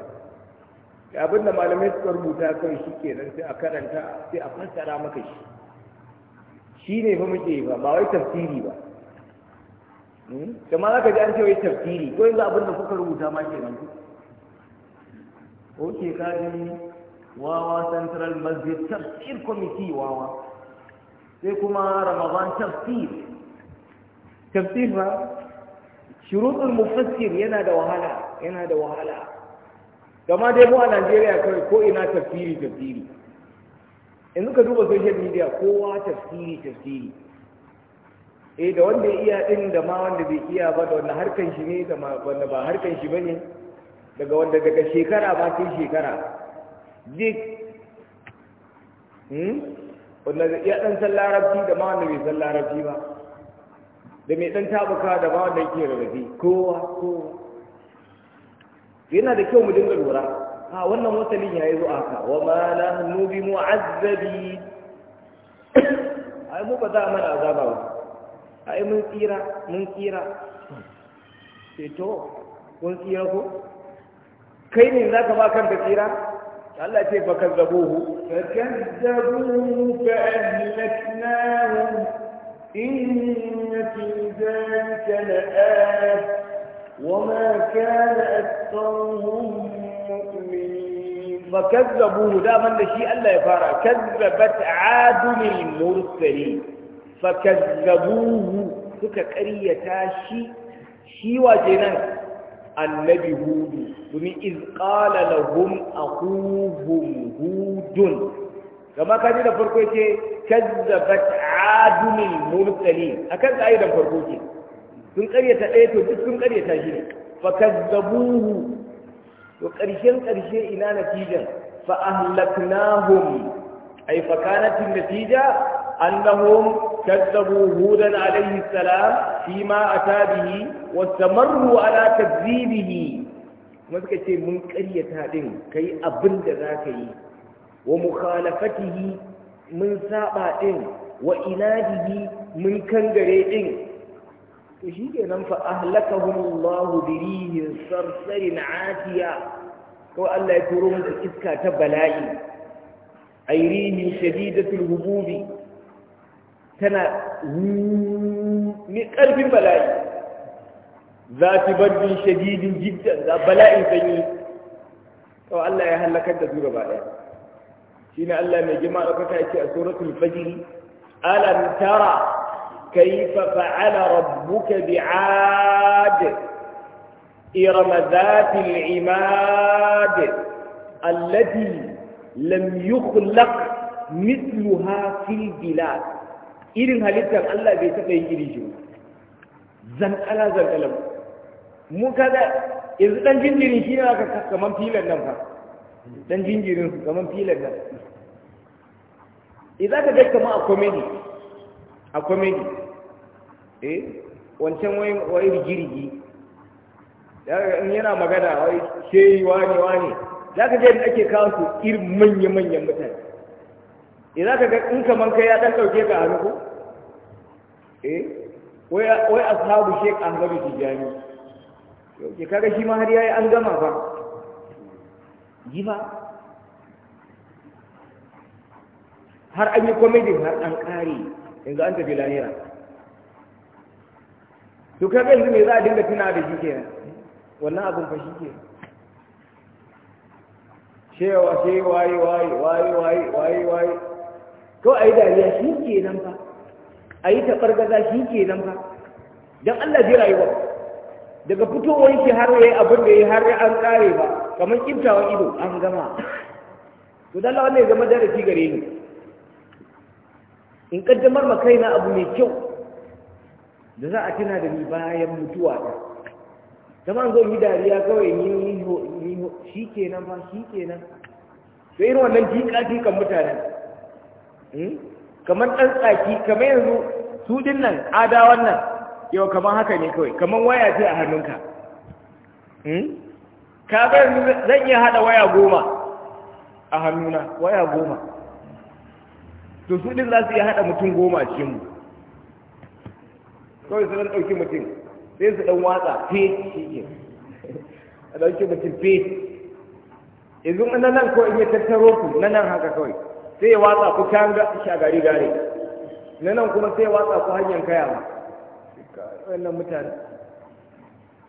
S2: abin da malamai suka rubuta kawai shi ke nan sai a karanta sai a fassara maka shi shi ne fa muke ba ba wai tafsiri ba hmm? kamar aka ji an ce wai tafsiri ko yanzu abin da kuka rubuta ma ke nan ok kaji wawa central masjid tafsir committee wawa sai kuma ramadan tafsir tafsir ba shuruɗul mufassir yana da wahala yana da wahala gama dai mu a Najeriya kawai ko ina tafsiri tafsiri in ka duba social media kowa tafsiri tafsiri eh da wanda iya din da ma wanda bai iya ba da wanda harkan shi ne da wanda ba harkan shi bane daga wanda daga shekara ba sai shekara duk hmm wanda ya dan san larabci da ma wanda bai san larabci ba da mai ɗan tabuka da ba wanda yake rarrafi kowa kowa yana da kyau mu dinga lura a wannan wasalin ya yi ka. aka wa ma na hannu bi mu'azzabi ai mu ba za a mana azaba ba ai mun tsira mun tsira to kun tsira ko kai ne za ka ba kanka tsira Allah ce fa kazzabuhu fa
S1: kazzabuhu fa ahlaknahum إن في ذلك لآية وما كان أكثرهم مؤمنين
S2: فكذبوه دائما لشيء ألا يفارع كذبت عاد المرسلين فكذبوه suka كرية شيء شيء waje النبي هود hudu domin izƙala lahum akuhum gama ka ji da farko ce kazzabat adunil mursalin akan ka'idan farko ce sun karyata ɗaya to duk sun karyata shi ne fa kazzabuhu to karshen karshe ina natijan fa ahlaknahum ay fa kanat natija annahum kazzabu hudan alayhi salam fima ata bihi wastamarru ala kadhibihi kuma suka ce mun ƙaryata din kai abin da za ka yi wa mukhalafatihi mun saba din wa inadihi mun kangare din to shi ke nan fa ahlakahum Allah bi rihin sarsarin atiya ko Allah ya turo musu iska ta bala'i ay rihin shadidatul hububi tana ni karfin bala'i za ta barbin shadidin jiddan za bala'in sanyi to Allah ya halakar da su gaba ɗaya shine Allah mai girma ɗaukaka yake a suratul fajr alam tara kayfa fa'ala rabbuka bi'ad إرم ذات العماد التي لم يخلق مثلها fil البلاد irin halittar Allah bai taɓa yi iri shi zankala zankalan mu kaga yanzu dan jinjirin shi ne aka kaman filan nan fa dan jinjirin su kamar filan nan idan ka dai kama a comedy a comedy eh wancan wai wai rigirigi in yana magana wai sai wani wani za ka je da ake kawo su irin manya-manyan mutane idan ka ga in kamar kai ya dan dauke ka hannu ko eh wai ashabu shek ahmadu tijani yau ke kaga shi ma har yayi an gama ba give har an yi komedi har an kare yanzu an tafi lahira to kaga yanzu me za a dinga tuna da jike wannan abin fa shi ke. cewa sai waye waye waye waye waye waye ko a yi dariya shi ke nan fa a yi taɓargaza shi ke nan fa don Allah zai rayuwa daga fitowar shi har yayi abin da ya har an kare ba kamar kintawa ido an gama to dalla wannan ya zama darasi gare ni in kaddamar ma kaina abu mai kyau da za a tuna da ni bayan mutuwa ta an zo mi dariya kawai ni ni ni shi kenan ba shi kenan to irin wannan jika mutane mutanen hmm? kamar ɗan tsaki kamar yanzu su din nan ada wannan yau kamar haka ne kawai kamar waya ce a hannunka hmm? ka zan iya hada waya goma a hannuna waya goma to su din za su iya hada mutum goma a cikinmu kawai su ɗan ɗauki mutum sai su ɗan watsa fe shi a ɗauki mutum fe yanzu na nan ko in yi tattaro ku na nan haka kawai sai ya watsa ku a gari gare na nan kuma sai ya watsa ku hanyar kaya ba wannan mutane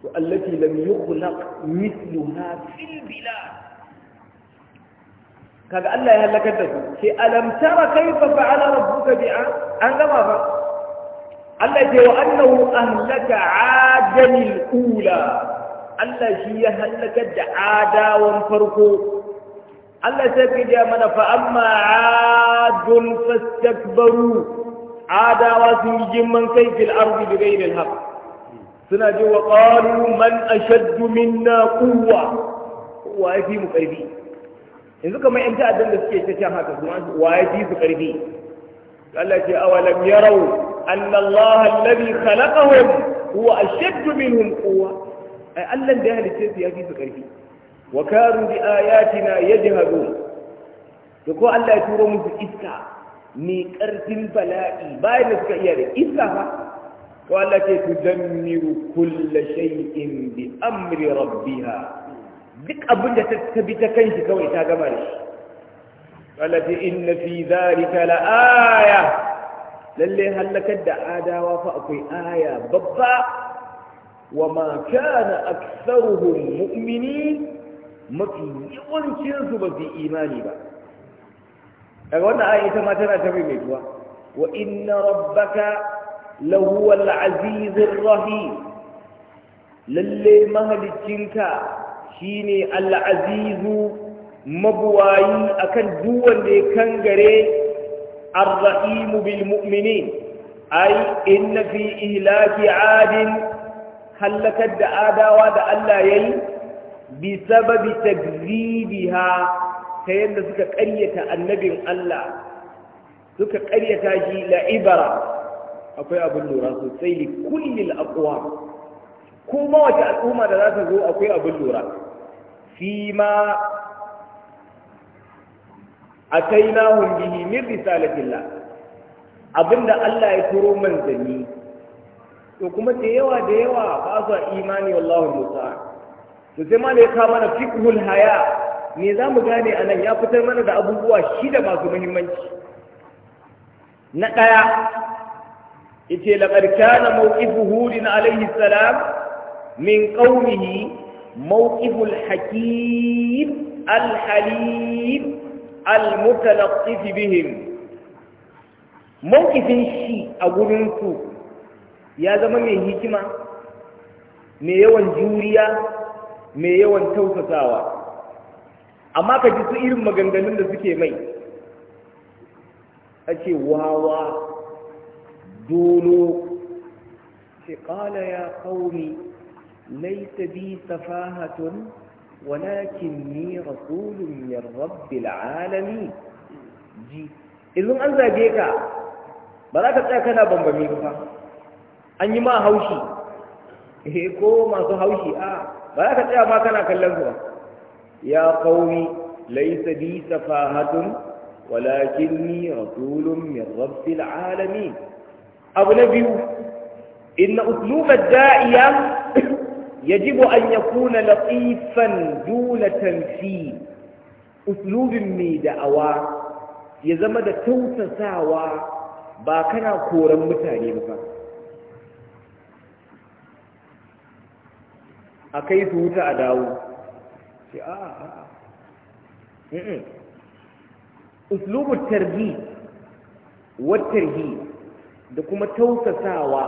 S2: والتي لم يخلق مثلها في البلاد كان الله يهلك الناس في ألم ترى كيف فعل ربك بعاد أن لا ماذا الله يجي وأنه أهلك عادا الأولى الله يجي يهلك عادا وانفرقوا ألا سيقول يا من فأما عاد فاستكبروا عادا واسم من كيف الأرض بغير الهب suna ji wa qalu man ashaddu minna quwwa wa yafi mu karfi yanzu kamar yan ta'addan da suke ta can haka su wa yafi su karfi Allah ce awalam yarau anna Allah alladhi khalaqahum huwa ashaddu minhum quwwa ai Allah da ya halice su yafi su karfi wa kanu bi ayatina yajhadun to ko Allah ya turo musu iska mai karfin bala'i bayan da suka iya da iska fa والتي تدمر كل شيء بأمر ربها ذك أبن تتبت كيف كويتا قمرش والتي إن في ذلك لآية للي هل لك الدعادة وفأقي آية ببا وما كان أكثرهم مؤمنين ما في يقول شرط بذي إيماني با أقول آية ما تنا تبين وإن ربك لهو العزيز الرحيم للي مهلكينك شيني العزيز مبواي أكن دوان دي كنغري الرحيم بالمؤمنين أي إن في إهلاك عاد هلكت دعادا ودعا الله يي بسبب تكذيبها ta yadda suka ƙaryata annabin Allah suka ƙaryata shi la'ibara akwai abin lura sosai li kullil aqwa ko ma wace al'umma da za ta zo akwai abin lura fi ma atainahum bihi min risalatillah abinda Allah ya turo manzanni to kuma da yawa da yawa ba su imani wallahi musa to sai ma da ya mana fiqhul haya me za mu gane anan ya fitar mana da abubuwa shida masu muhimmanci na ɗaya yace laqad kana mawqifu hudin alayhi salam min qaumihi mawqifu al-hakim al-halim al-mutalaqqif bihim mawqifin shi a gurin ku ya zama mai hikima mai yawan juriya mai yawan tausasawa amma ka ji su irin maganganun da suke mai a ce wawa dolo ce ya ƙauni laisa bi walakin ni rasulun ya rabbil alami ji an zage ka ba za ka tsaya kana bambami ba an yi ma haushi eh ko masu haushi a ba za ka tsaya ma kana kallon su ba ya ƙauni walakin ni rasulun min rabbil أبو نبي إن أسلوب الداعية يجب أن يكون لطيفا دون تنفيذ أسلوب ميد أوا يزمد توت ساوا باكنا كورا متعني بفا أكيد هو تعداو آه، آه، آه. أسلوب الترهيب والترهيب da kuma tausasawa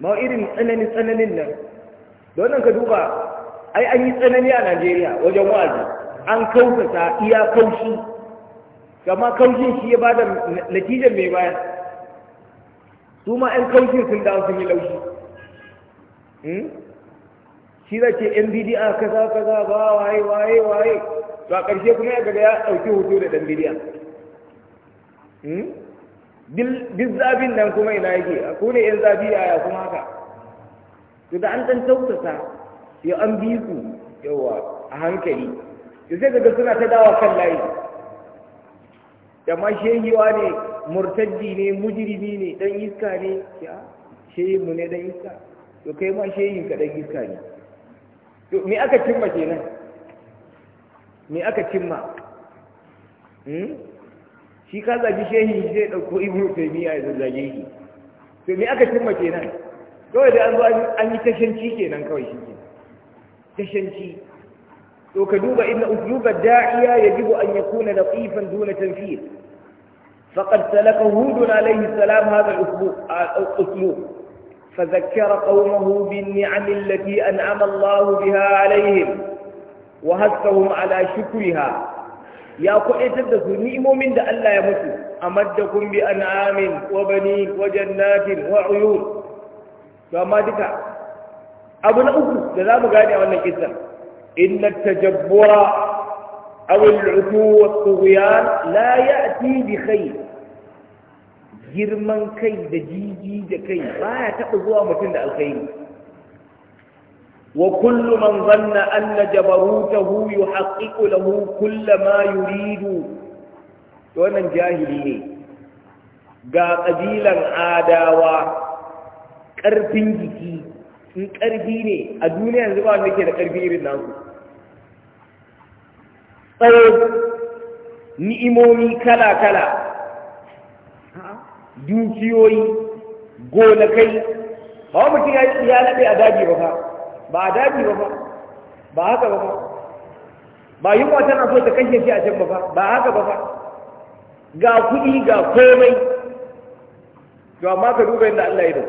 S2: ma irin tsananin tsananin nan da wannan ka duba ai an yi tsanani a najeriya wajen wa'azi an kausasa iya kaushi kama kaushin shi ya bada natijar mai baya su ma 'yan kaushin sun dawo sun yi laushi hmm? shi za ce yan bidiya kaza kaza ba waye waye waye to a ƙarshe kuma ya gaga ya ɗauki hoto da ɗan bidiya hmm? duk zafin nan kuma ina yake ko ne yan zafi yaya kuma haka to da an dan tausasa ya an bi ku yawa a hankali to sai daga suna ta dawa kan layi ma shehiwa ne murtaddi ne mujrimi ne dan iska ne ya shehi mu ne dan iska to kai ma shehin ka dan iska ne to me aka cimma kenan me aka cimma hmm? shi ka zagi shehi zai ɗauko ibn taymiya ya zage shi to me aka cimma kenan kawai da an zo an yi tashanci kenan kawai shi ke tashanci to ka duba inna usluba da'iya yajibu an yakuna laqifan duna tanfir faqad salaka hudun alayhi salam hadha al-uslub usbu al فذكر قومه بالنعم التي أنعم الله بها عليهم وهثهم على شكرها ya kwaɗaitar da su ni'imomin da Allah ya mutu a maddakun bi an amin wa bani wa jannatin wa uyun to amma duka abu na uku da za mu gane a wannan kisan inna tajabbura أو العتو والطغيان لا يأتي بخير girman kai da jiji da kai ba ya taɓa zuwa mutum da alkhairi Wa من ظن أن جبروته يحقق له كل ما To wannan jahili ne ga ƙabilan adawa ƙarfin jiki in ƙarfi ne a duniya yanzu ba wanda ke da ƙarfi irin nasu tsawo ni'imomi kala-kala dukiyoyi gonakai ba wa mutum ya naɗe a daji ba fa ba a daji ba ba ba haka ba ba ba yunwa tana so ta kashe shi a can ba ba haka ba ba ga kuɗi ga komai to amma ka duba yadda Allah ya da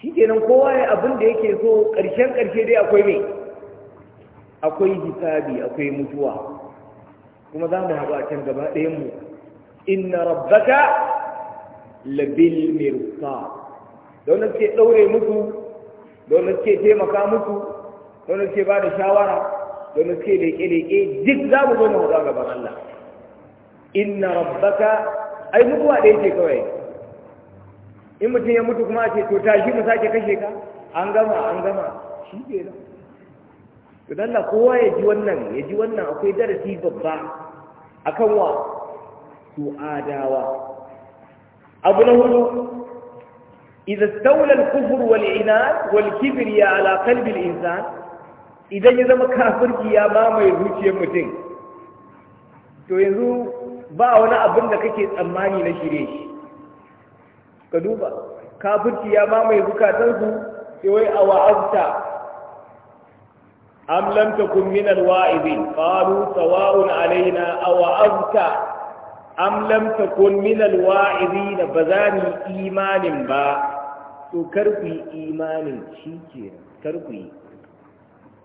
S2: shi kenan kowa ya abin da yake so ƙarshen ƙarshe dai akwai mai akwai hisabi akwai mutuwa kuma za mu haɗu a can gaba ɗayan mu inna rabbaka labil mirsa da nan sai ɗaure musu domin suke taimaka musu domin suke ba da shawara domin suke leƙe-leƙe duk za mu zo mu haɗu gaban Allah inna rabbaka ai mutuwa ɗaya ce kawai in mutum ya mutu kuma a ce to tashi mu sake kashe ka an gama an gama shi ke nan to dalla kowa ya ji wannan ya ji wannan akwai darasi babba akan wa su adawa abu na
S3: hudu
S2: إذا استولى الكفر ya والكبرياء على قلب الإنسان إذا يزم كافر يا ماما يزوج يمتين to yanzu ba wani abin da kake tsammani na shirye shi ka duba kafirci ya mamaye zukatansu yawai a wa'azta am lam takun min alwa'izin qalu sawa'un alaina aw azka am lam takun min alwa'izin bazani imanin ba to karku yi imanin shi ke karku yi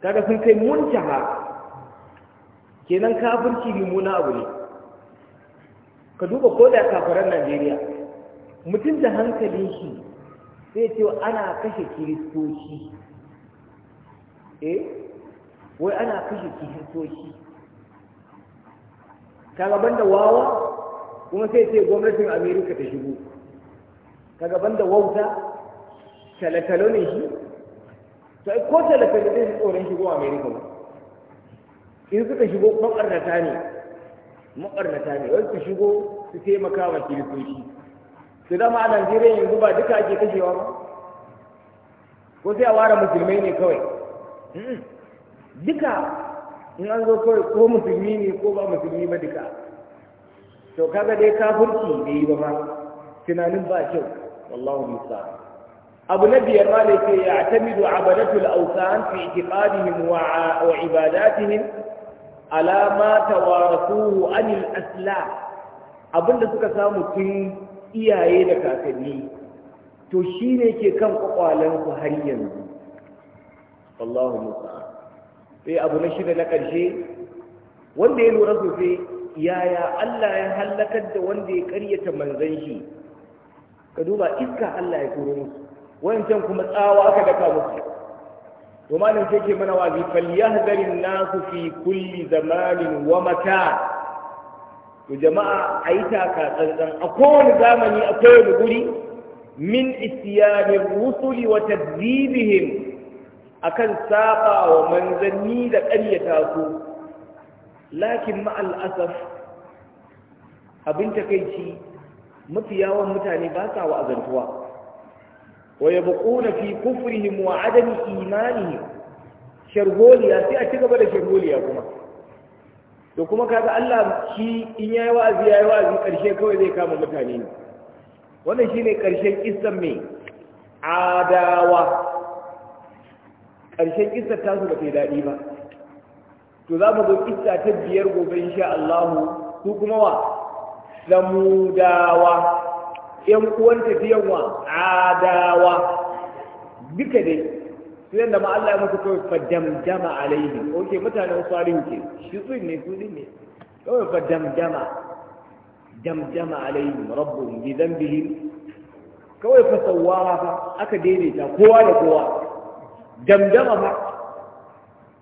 S2: Kada sun kai muntaha kenan kafirci mummuna abu ne ka duba ko da Najeriya mutum da hankalin shi sai ce ana kashe kiristoci eh wai ana kashe kiristoci kaga banda wawa kuma sai ce gwamnatin Amerika ta shigo kaga banda wauta talatalo ne shi sai ko ne shi tsoron shigo america ba in suka shigo makarnata ne makarnata ne wani su shigo su taimaka wa kiristoci su dama a najeriya yanzu ba duka ake kashewa ba ko sai a ware musulmai ne kawai duka in an zo kawai ko musulmi ne ko ba musulmi ba duka to kaga dai kafirci bai yi ba ma tunanin ba kyau wallahu musa abu na biyar ma da ke ya tamidu abadatul ausan fi itiqadihim wa ibadatihim ala ma tawarathuhu anil aslam abinda suka samu tun iyaye da kakanni to shine ke kan kwakwalen su har yanzu wallahu Musa. sai abu na shida na ƙarshe wanda ya lura sosai yaya Allah ya halakar da wanda ya ƙaryata manzon shi ka duba iska Allah ya turo musu wancan kuma tsawa aka daka musu to malam sai ke mana wazi falyahdari nasu fi kulli zamanin wa mata to jama'a ayi taka tsantsan a kowane zamani a kowane guri min istiyanin rusuli wa tadzibihim akan saba wa manzanni da ƙaryata su lakin ma'al asaf abin takaici mafi yawan mutane ba sa wa'azantuwa wa yabquna fi kufrihim wa adami imanihim sharholiya sai a ci gaba da sharholiya kuma to kuma kaga Allah shi in yayi wa'azi yayi wa'azi karshe kawai zai kama mutane ne wannan shine karshen isar me adawa karshen kissar tasu ba ta daɗi ba to za mu zo kissa ta biyar gobe sha Allahu, su kuma wa samudawa yan uwan tafiyan wa adawa duka dai sai da ma Allah ya musu kawai fadamdama alaihi oke mutanen salihu ke shi tsin ne su ne kawai fadamdama damdama alaihim rabbuhum bi dhanbihim kawai fa sawwara fa aka daidaita kowa da kowa damdama fa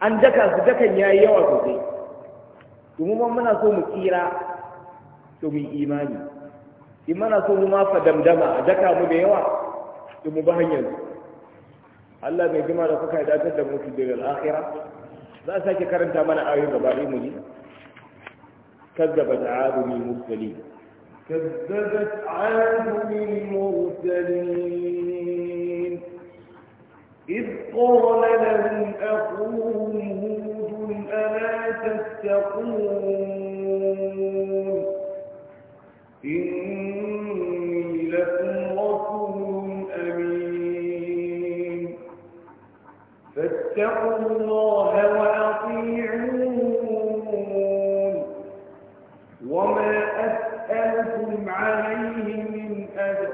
S2: an daka su dakan yayi yawa sosai domin muna so mu kira to mu imani in mana so mu ma damdama a daka mu da yawa in mu ba hanyar Allah mai jima da kuka dace da mu da akhirah za a sake karanta mana ayoyin gaba ɗaya mu ji kazzabat aadu lil mursalin
S1: kazzabat aadu lil mursalin إذ قال لهم أخوهم هود ألا تتقون إن اتقوا الله وأطيعون وما أسألكم عليه من أجر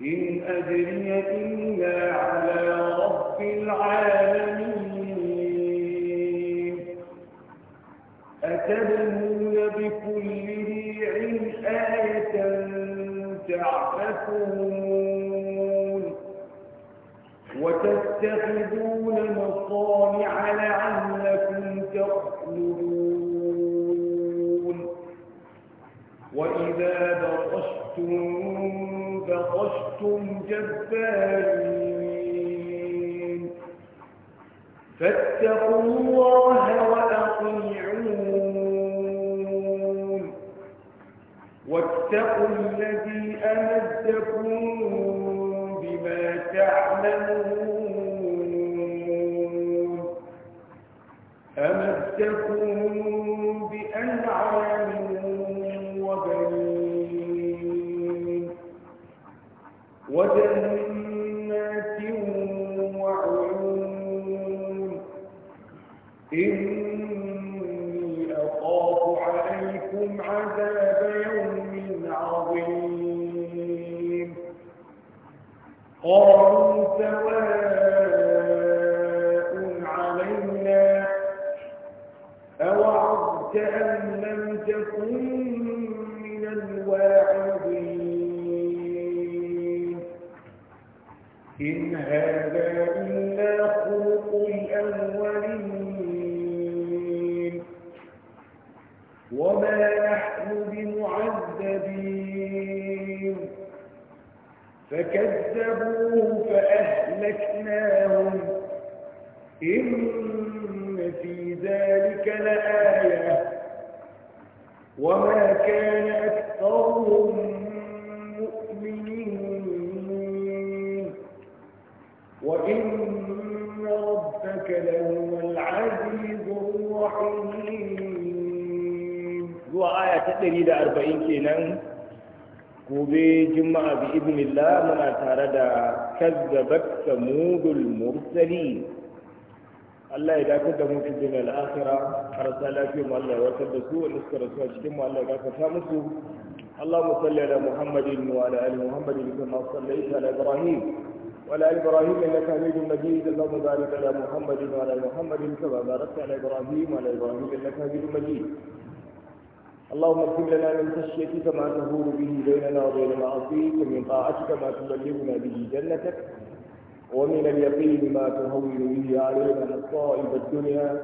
S1: إن أجري إلا على رب العالمين أتبنون بكل ريع آية تعففون وتتخذون جبارين فاتقوا
S3: وما كان
S1: أكثرهم مؤمنين وإن ربك لهو العزيز الرحيم وآية تدريد أربعين
S2: كينا gobe juma'a bi idnillah muna tare da kazzabat samudul Allah ya dakar da mu fi dunya al-akhirah karasa mu Allah ya warkar da su suka cikin mu Allah ya musu اللهم صل على محمد وعلى ال محمد كما صليت على ابراهيم وعلى ال ابراهيم انك حميد مجيد اللهم بارك على محمد وعلى ال محمد كما باركت على ابراهيم وعلى ابراهيم انك حميد مجيد اللهم اغفر لنا من خشيتك ما تهول به بيننا وبين معصيك ومن طاعتك ما تبلغنا به جنتك ومن اليقين ما تهون به علينا مصائب الدنيا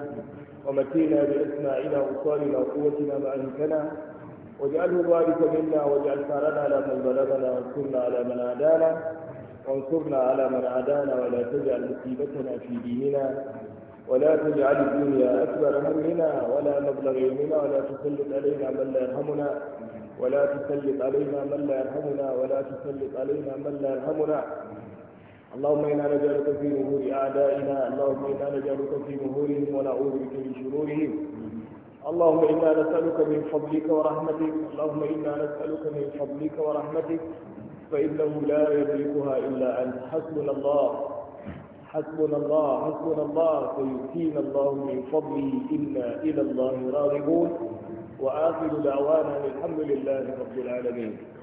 S2: ومتينا بإسماعنا وصالنا وقوتنا ما امكنا واجعله بارك منا واجعل ثارنا على من بلغنا وانصرنا على من عادانا وانصرنا على من عادانا ولا تجعل مصيبتنا في ديننا ولا تجعل الدنيا أكبر همنا ولا مبلغ علمنا ولا تسلط علينا من لا يرحمنا ولا تسلط علينا من لا يرحمنا ولا تسلط علينا من لا يرحمنا اللهم انا نجعلك في نهور اعدائنا اللهم انا نجعلك في نهورهم ونعوذ بك من شرورهم اللهم انا نسالك من فضلك ورحمتك اللهم انا نسالك من فضلك ورحمتك فانه لا يملكها الا انت حسبنا الله حسبنا الله حسبنا الله سيؤتينا الله
S1: من فضله انا الى الله راغبون واخر دعوانا الحمد لله رب العالمين